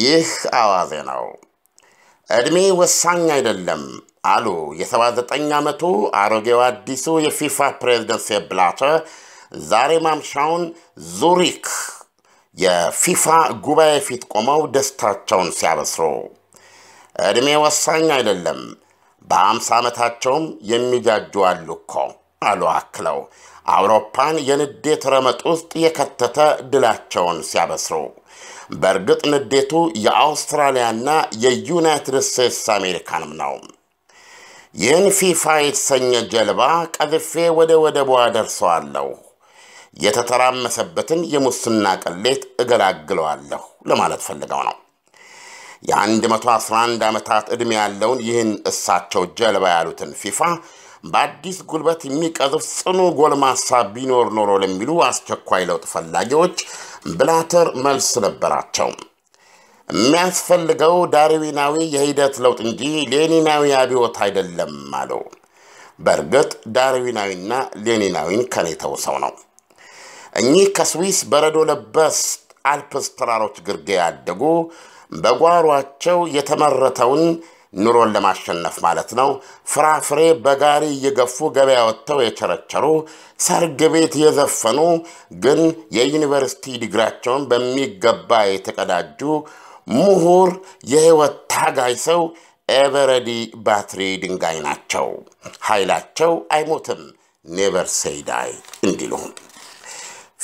ይህ አዋዜ ነው። ዕድሜ ወሳኝ አይደለም አሉ የ79 ዓመቱ አሮጌው አዲሱ የፊፋ ፕሬዝደንት ሴፕ ብላተር ዛሬ ማምሻውን ዙሪክ የፊፋ ጉባኤ ፊት ቆመው ደስታቸውን ሲያበስሩ ዕድሜ ወሳኝ አይደለም፣ በአምሳ ዓመታቸውም የሚጃጁ አሉ እኮ አሉ አክለው አውሮፓን የንዴት ረመጥ ውስጥ የከተተ ድላቸውን ሲያበስሩ በእርግጥ ንዴቱ የአውስትራሊያና የዩናይትድ ስቴትስ አሜሪካንም ነው። ይህን ፊፋ የተሰኘ ጀልባ ቀዝፌ ወደ ወደቧ ደርሰዋለሁ፣ የተተራመሰበትን የሙስና ቅሌት እገላግለዋለሁ ለማለት ፈልገው ነው። የ111 ዓመታት ዕድሜ ያለውን ይህን እሳቸው ጀልባ ያሉትን ፊፋ በአዲስ ጉልበት የሚቀዝፍ ጽኑ ጎልማሳ ቢኖር ኖሮ ለሚሉ አስቸኳይ ለውጥ ፈላጊዎች ብላተር መልስ ነበራቸው። የሚያስፈልገው ዳርዊናዊ የሂደት ለውጥ እንጂ ሌኒናዊ አብዮት አይደለም አለው። በእርግጥ ዳርዊናዊና ሌኒናዊን ከኔተው ሰው ነው። እኚህ ከስዊስ በረዶ ለበስ አልፕስ ተራሮች ግርጌ ያደጉ በጓሯቸው የተመረተውን ኑሮን ለማሸነፍ ማለት ነው። ፍራፍሬ በጋሪ እየገፉ ገበያ ወጥተው የቸረቸሩ፣ ሰርግ ቤት የዘፈኑ ግን የዩኒቨርሲቲ ዲግራቸውን በሚገባ የተቀዳጁ ምሁር፣ የህይወት ታጋይ ሰው ኤቨረዲ ባትሪ ድንጋይ ናቸው። ኃይላቸው አይሞትም፣ ኔቨር ሴይዳይ እንዲሉ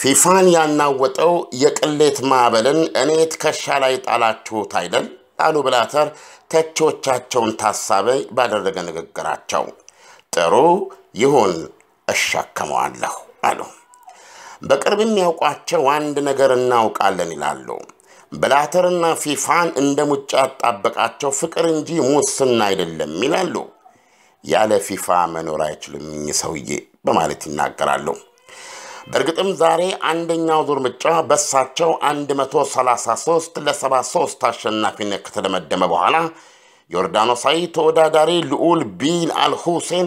ፊፋን ያናወጠው የቅሌት ማዕበልን እኔ ትከሻ ላይ ጣላችሁት አይደል አሉ ብላተር ተቺዎቻቸውን ታሳቢ ባደረገ ንግግራቸው። ጥሩ ይሁን እሸከመዋለሁ አሉ። በቅርብ የሚያውቋቸው አንድ ነገር እናውቃለን ይላሉ። ብላተርና ፊፋን እንደ ሙጫ ያጣበቃቸው ፍቅር እንጂ ሙስና አይደለም ይላሉ። ያለ ፊፋ መኖር አይችሉም ሰውዬ በማለት ይናገራሉ። በእርግጥም ዛሬ አንደኛው ዙር ምርጫ በሳቸው 133 ለ73 አሸናፊነት ከተደመደመ በኋላ ዮርዳኖሳዊ ተወዳዳሪ ልዑል ቢን አልሁሴን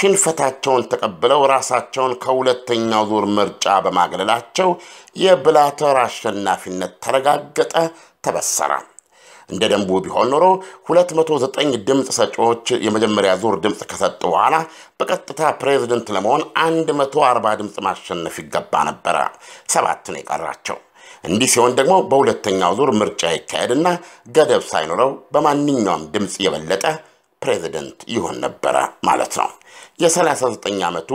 ሽንፈታቸውን ተቀብለው ራሳቸውን ከሁለተኛው ዙር ምርጫ በማግለላቸው የብላተር አሸናፊነት ተረጋገጠ፣ ተበሰራል። እንደ ደንቡ ቢሆን ኖሮ 209 ድምፅ ሰጪዎች የመጀመሪያ ዙር ድምፅ ከሰጡ በኋላ በቀጥታ ፕሬዝደንት ለመሆን 140 ድምፅ ማሸነፍ ይገባ ነበረ። ሰባት ነው የቀራቸው። እንዲህ ሲሆን ደግሞ በሁለተኛው ዙር ምርጫ ይካሄድና ገደብ ሳይኖረው በማንኛውም ድምፅ የበለጠ ፕሬዝደንት ይሆን ነበረ ማለት ነው። የ39 ዓመቱ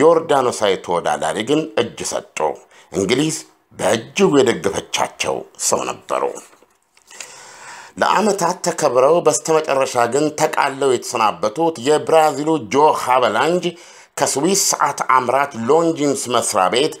የዮርዳኖሳዊ ተወዳዳሪ ግን እጅ ሰጡ። እንግሊዝ በእጅጉ የደገፈቻቸው ሰው ነበሩ። ለዓመታት ተከብረው በስተመጨረሻ ግን ተቃለው የተሰናበቱት የብራዚሉ ጆ ሃበላንጅ ከስዊስ ሰዓት አምራች ሎንጂንስ መስሪያ ቤት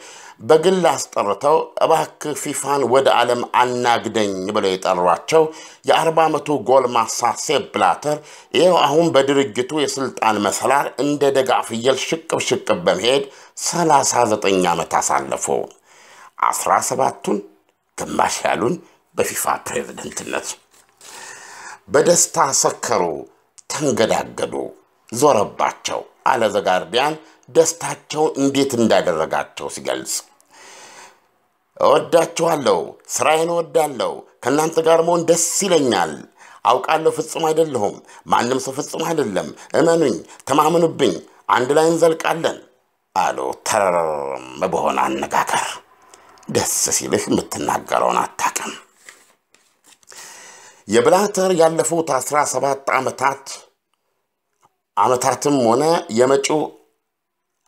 በግል አስጠርተው እባክህ ፊፋን ወደ ዓለም አናግደኝ ብለው የጠሯቸው የ40 ዓመቱ ጎልማሳ ሴፕ ብላተር ይኸው አሁን በድርጅቱ የሥልጣን መሰላል እንደ ደጋ ፍየል ሽቅብ ሽቅብ በመሄድ 39 ዓመት አሳለፉ። 17ቱን ግማሽ ያሉን በፊፋ ፕሬዝደንትነት በደስታ ሰከሩ፣ ተንገዳገዱ፣ ዞረባቸው አለ ዘጋርዲያን ደስታቸውን እንዴት እንዳደረጋቸው ሲገልጽ። እወዳችኋለሁ፣ ስራዬን እወዳለሁ፣ ከእናንተ ጋር መሆን ደስ ይለኛል። አውቃለሁ ፍጹም አይደለሁም፣ ማንም ሰው ፍጹም አይደለም። እመኑኝ፣ ተማምኑብኝ፣ አንድ ላይ እንዘልቃለን አሉ ተረርም በሆነ አነጋገር። ደስ ሲልህ የምትናገረውን አታውቅም። የብላተር ያለፉት 17 ዓመታት ዓመታትም ሆነ የመጪው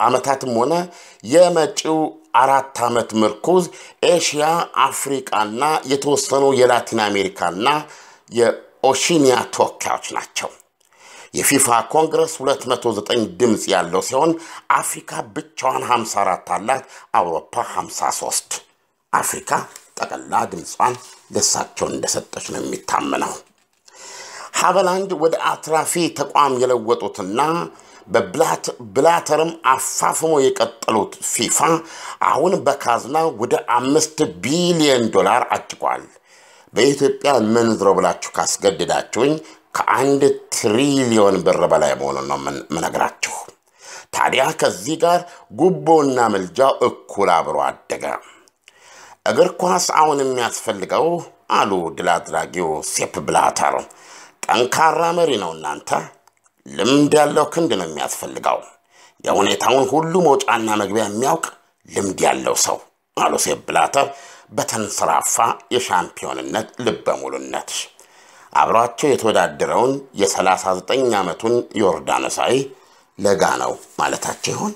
ዓመታትም ሆነ የመጪው አራት ዓመት ምርኩዝ ኤሽያ፣ አፍሪቃና የተወሰኑ የላቲን አሜሪካና የኦሺኒያ ተወካዮች ናቸው። የፊፋ ኮንግረስ 209 ድምፅ ያለው ሲሆን አፍሪካ ብቻዋን 54 አላት፣ አውሮፓ 53። አፍሪካ ጠቅላላ ድምጿን ለሳቸው እንደሰጠች ነው የሚታመነው። ሀበላንድ ወደ አትራፊ ተቋም የለወጡትና በብላተርም አፋፍሞ የቀጠሉት ፊፋ አሁን በካዝና ወደ አምስት ቢሊዮን ዶላር አድጓል። በኢትዮጵያ ምንዝረው ብላችሁ ካስገድዳችሁኝ ከአንድ ትሪሊዮን ብር በላይ መሆኑን ነው ምነግራችሁ። ታዲያ ከዚህ ጋር ጉቦና ምልጃው እኩል አብሮ አደገ። እግር ኳስ አሁን የሚያስፈልገው አሉ ድል አድራጊው ሴፕ ብላተር። ጠንካራ መሪ ነው እናንተ። ልምድ ያለው ክንድ ነው የሚያስፈልገው። የሁኔታውን ሁሉ መውጫና መግቢያ የሚያውቅ ልምድ ያለው ሰው አሉ ሴፕ ብላተር በተንሰራፋ የሻምፒዮንነት ልበ ሙሉነት። አብሯቸው የተወዳደረውን የ39 ዓመቱን ዮርዳኖሳዊ ለጋ ነው ማለታቸው ይሆን?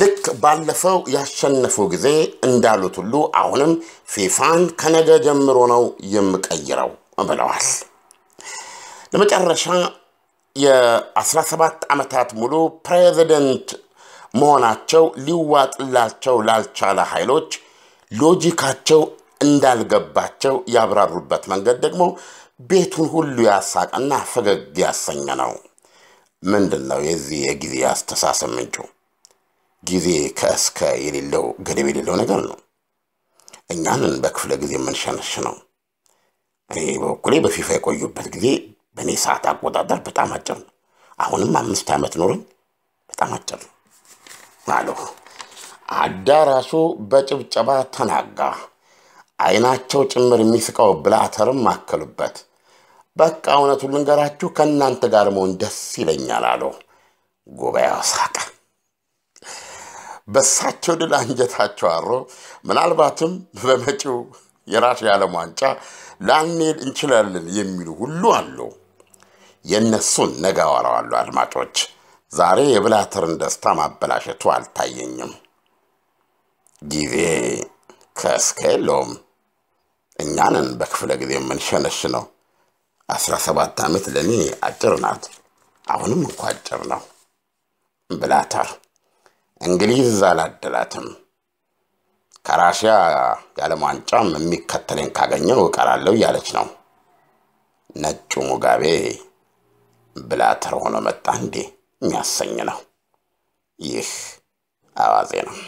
ልክ ባለፈው ያሸነፉ ጊዜ እንዳሉት ሁሉ አሁንም ፊፋን ከነገ ጀምሮ ነው የምቀይረው ብለዋል። ለመጨረሻ የ17 ዓመታት ሙሉ ፕሬዚደንት መሆናቸው ሊዋጥላቸው ላልቻለ ኃይሎች ሎጂካቸው እንዳልገባቸው ያብራሩበት መንገድ ደግሞ ቤቱን ሁሉ ያሳቀና ፈገግ ያሰኘ ነው። ምንድን ነው የዚህ የጊዜ አስተሳሰብ ምንጩ? ጊዜ ከእስከ የሌለው ገደብ የሌለው ነገር ነው። እኛንን በክፍለ ጊዜ የምንሸነሽ ነው። እኔ በበኩሌ በፊፋ የቆዩበት ጊዜ በእኔ ሰዓት አቆጣጠር በጣም አጭር ነው። አሁንም አምስት ዓመት ኖረኝ በጣም አጭር ነው አለሁ። አዳራሹ በጭብጨባ ተናጋ። አይናቸው ጭምር የሚስቀው ብላተርም አከሉበት። በቃ እውነቱን ልንገራችሁ ከእናንተ ጋር መሆን ደስ ይለኛል አለው። ጉባኤው ሳቀ። በሳቸው ድል አንጀታቸው አሮ ምናልባትም በመጪው የራሽ የዓለም ዋንጫ ላንሄድ እንችላለን የሚሉ ሁሉ አሉ። የእነሱን ነገ አወራዋለሁ። አድማጮች፣ ዛሬ የብላተርን ደስታ ማበላሸቱ አልታየኝም። ጊዜ ከስከ የለውም። እኛንን በክፍለ ጊዜ የምንሸነሽ ነው። አስራ ሰባት ዓመት ለእኔ አጭር ናት። አሁንም እንኳ አጭር ነው ብላተር እንግሊዝ አላደላትም። ከራሽያ የዓለም ዋንጫም የሚከተለኝ ካገኘው እቀራለሁ እያለች ነው። ነጩ ሙጋቤ ብላተር ሆኖ መጣ እንዴ የሚያሰኝ ነው። ይህ አዋዜ ነው።